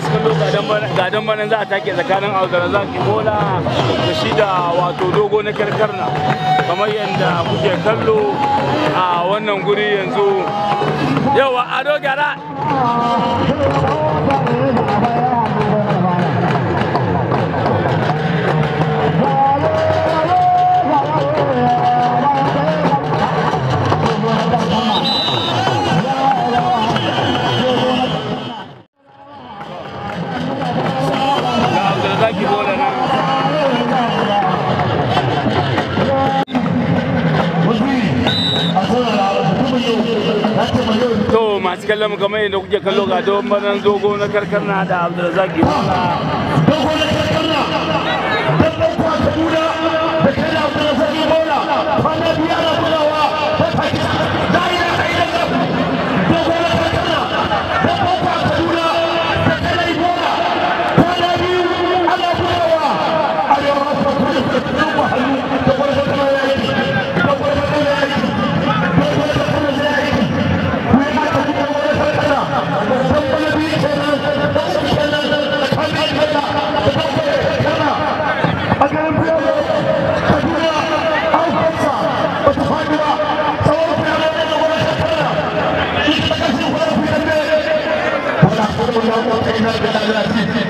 masu kallo gadon banan za a take tsakanin ki ibola da shi da wato dogo na karkarna kamar yadda kuke kallo a wannan guri yanzu yawa ado gara kallon kamar yadda kuke kallo ga don banan zogo na karkarna da Abdulrazak Imana dogo na karkarna dan dan kwa Kaduna da kai Abdulrazak Imana kwana biya になってたぐらい。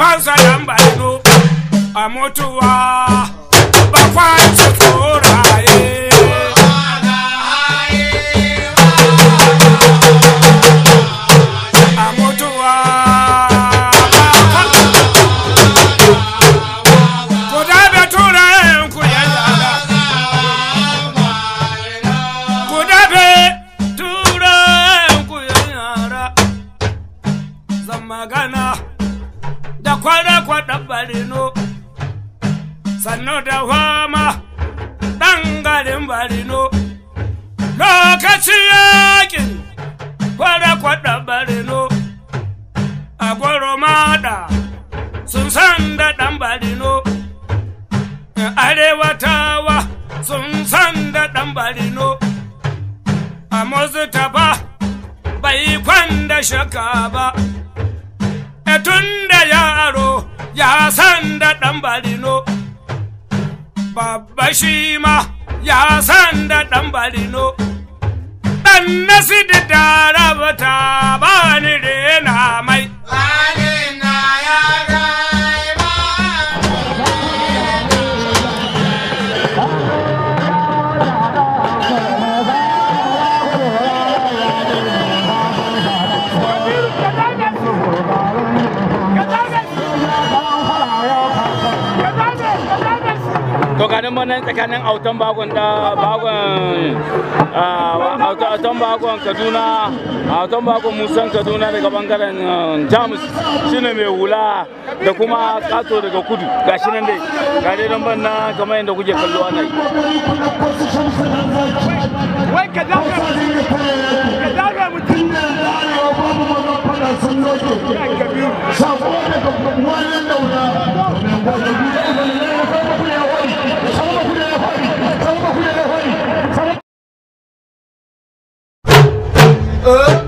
fansa yambali no amotuwa. sun san da ɗan barino arewatawa sun san da ɗan barino a mustapha bai kwanda shaka ba e tun da yaro ya san da ɗan barino babba shi ma ya san da ɗan barino ɗan nasi da darabata ba ni rena mai Hallelujah. tsakanin manan tsakanin autan bagon da bagon ah, autan bagon kaduna autan bagon musan kaduna daga bangaren ah, jamus shine mai hula da kuma kato daga kudu gashi nan dai ga dai don banna kamar yadda kuke kallo wai ka daga wani Ờ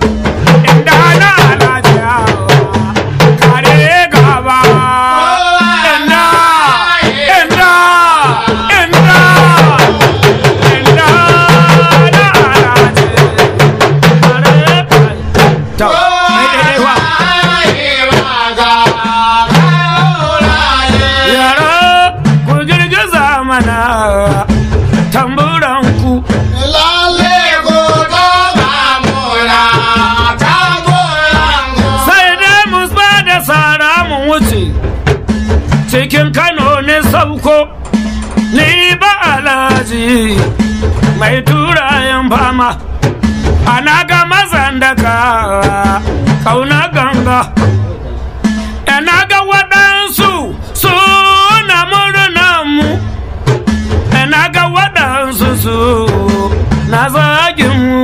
mai turayen fama ana ga mazan kauna ganga ana ga waɗansu suna murnan mu ana ga waɗansu su na zagin mu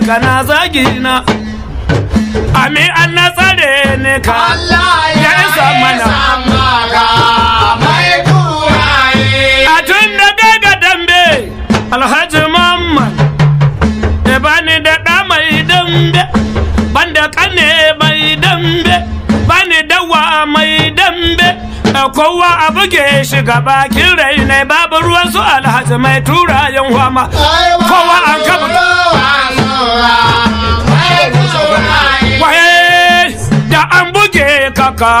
ni kana zagi na ami an na tsare ne ka Allah ya isa mana mai kuraye a tun daga dambe alhaji kowa a buge shi gaba kin rai ne babu ruwan su alhaji mai tura yan kowa an kaba da an buge kaka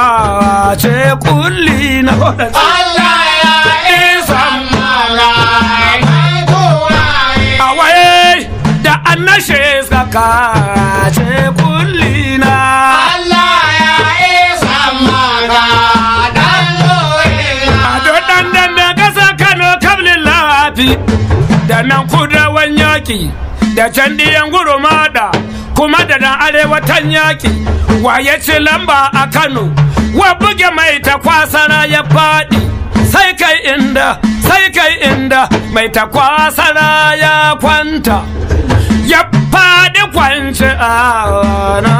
ce kulli na hoda ya a waye da an nashe kaka tafi da nan kudawan yaki da can diyan gurumada kuma da nan arewatan yaki wa ya ci lamba a kano wa buge mai ta kwasara ya faɗi sai kai inda sai kai inda mai ta kwasara ya kwanta ya faɗi kwanci a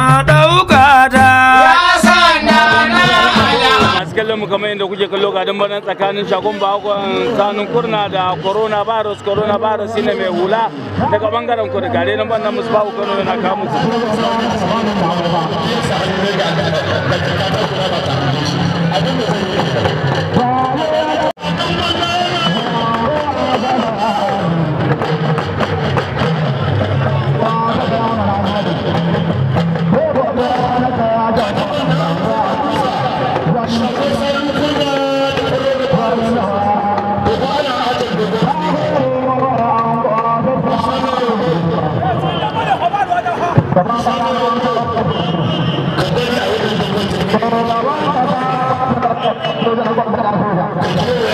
kallo ga dambaran tsakanin shagon bakon kanun kurna da corona virus corona virus mai hula daga bangaren kudu gare nan ban musu babu kano yana kamu Yeah.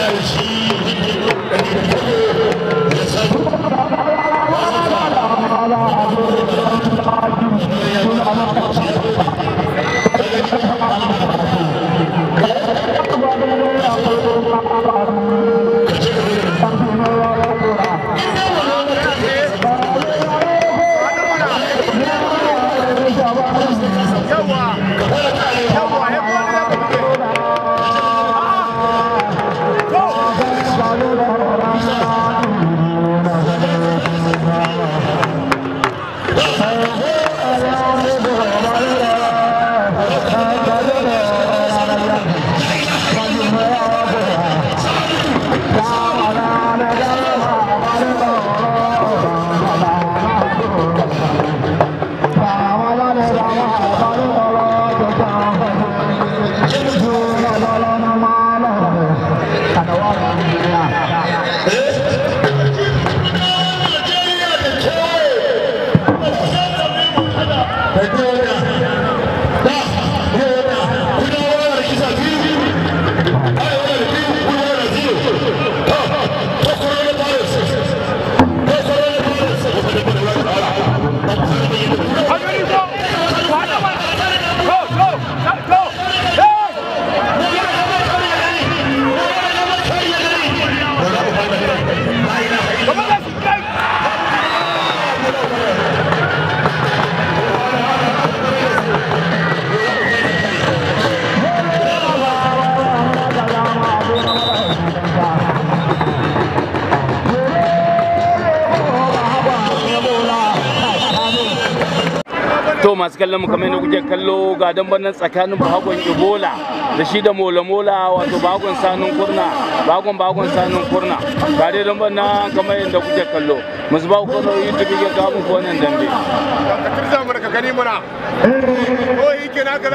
masu kallon mu kamar yadda kuke kallo ga damban tsakanin bagon Ebola da shi da Mola Mola wato bagon sanun kurna bagon bagon sanun kurna ga dai damban kamar yadda kuke kallo musu ba ku YouTube ya ga dambe ka mu gani muna ko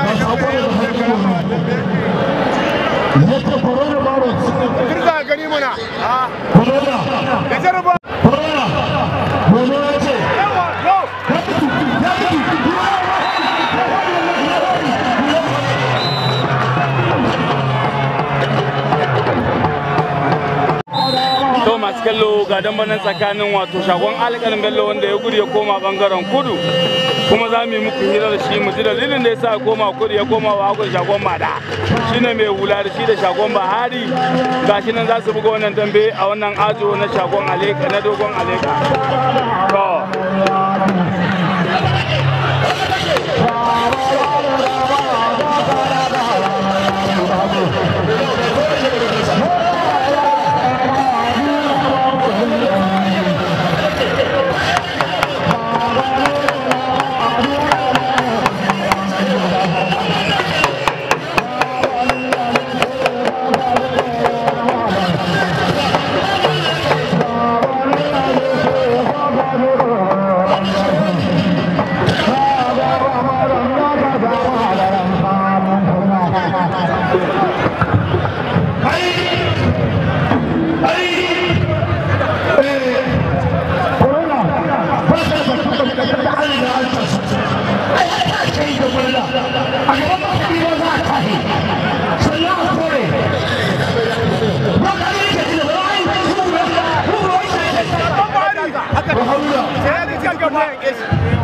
nan dambe. za ka masu kallo ga dambanin tsakanin wato shagon alƙalin bello wanda ya gudu ya koma bangaren kudu kuma za mu yi muku hira da shi mu ji dalilin da ya sa koma kudu ya koma wa hagun shagon bada shine mai hula da shi da shagon bahari ga shi nan za su buga wannan dambe a wannan ajo na shagon aleka na dogon aleka work.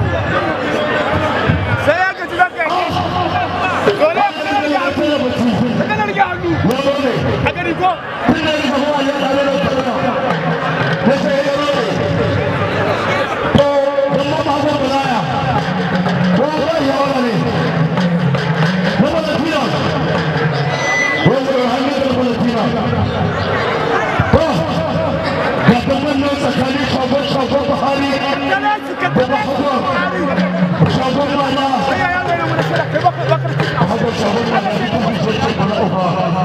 शहर बनाई बना होगा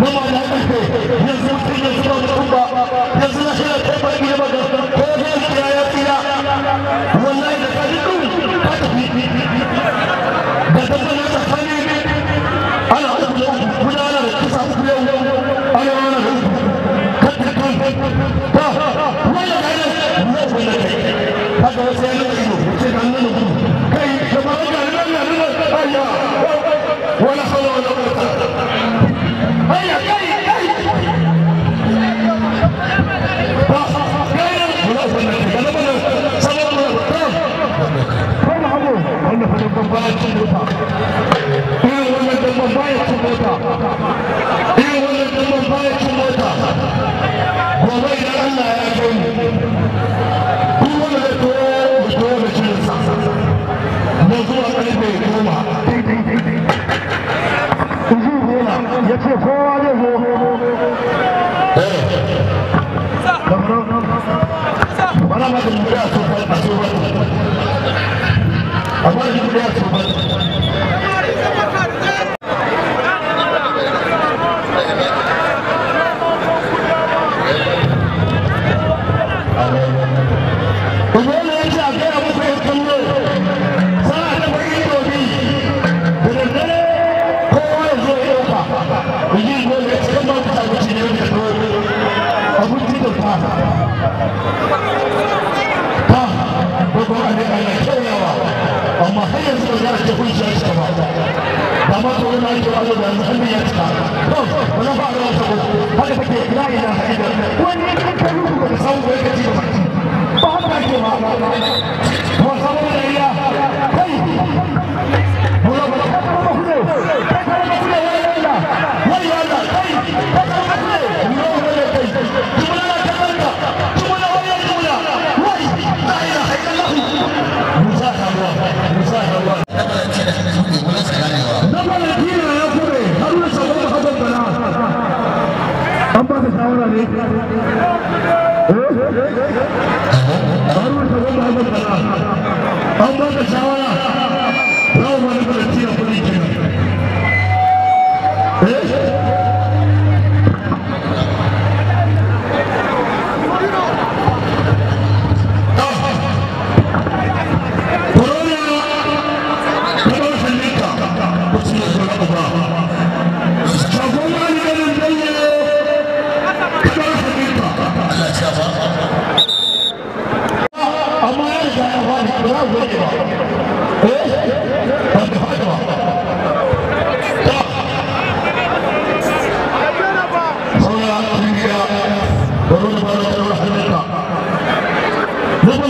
वो तो Yeah. wani ba ba ake ma ba ba sabon da iya wani wani kai kai kuma kuma wani Aruh, aruh, aruh, aruh, aruh, aruh, aruh, aruh, aruh,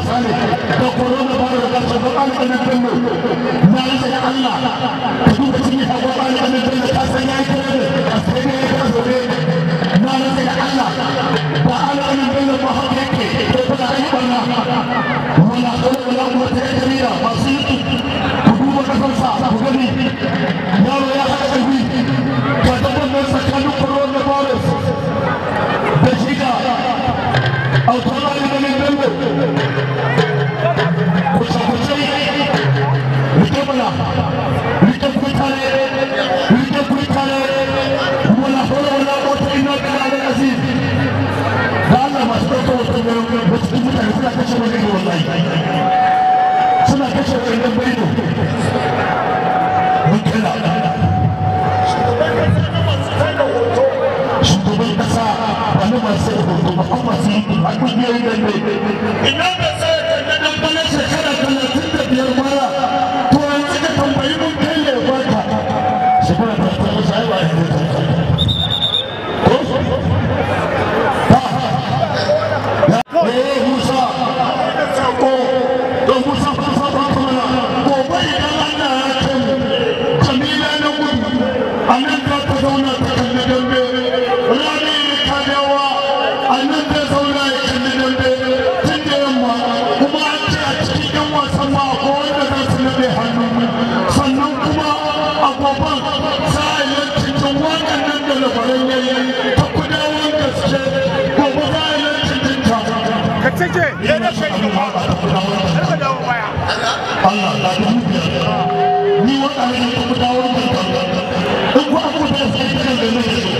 tsare da corona virus da ta ba an tsanin na da Allah duk cikin ta ba an tsanin ka san yayi sai ne zo ne yi suna kashe wannan baino mun kira shugaban kasa wani masu hoto ba kuma su yi a kungiyoyin da ne take ya da kai ka fara sai ka dawo baya Allah da ni ni wannan ne ku dawo in ku da sai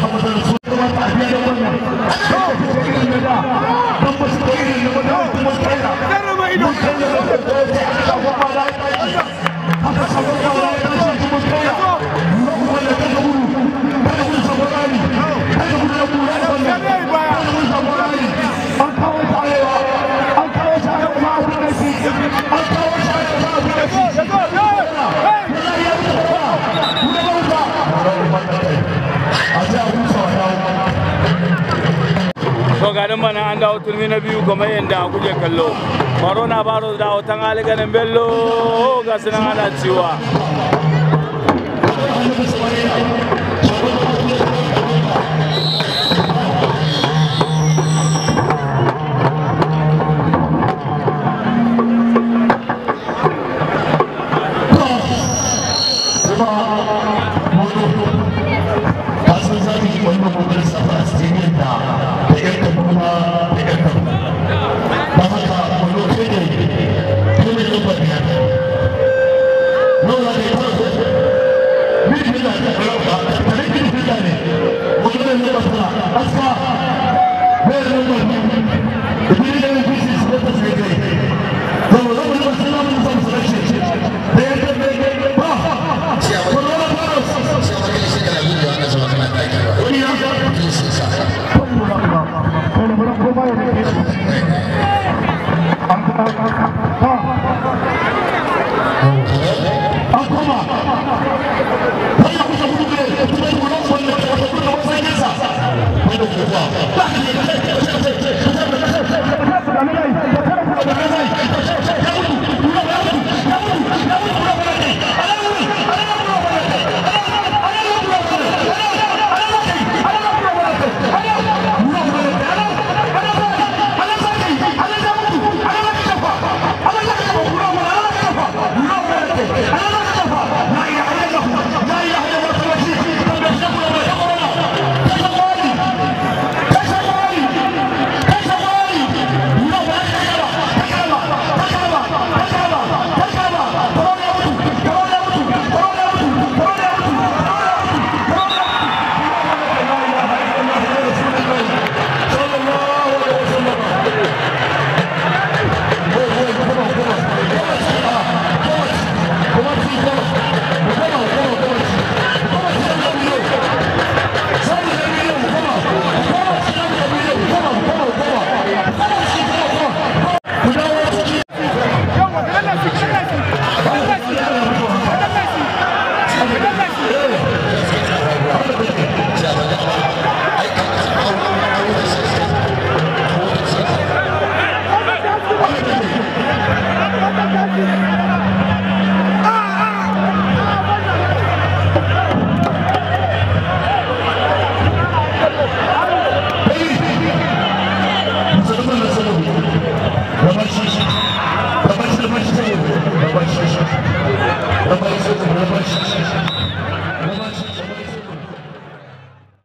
Muhammad dawo turmi na biyu kamar yadda kuke kallo baro na baro da hoton aliganin bello ga sunan ana cewa सुविधा है और तभी की सुविधा है मुझे नहीं पता आज का da kowa ba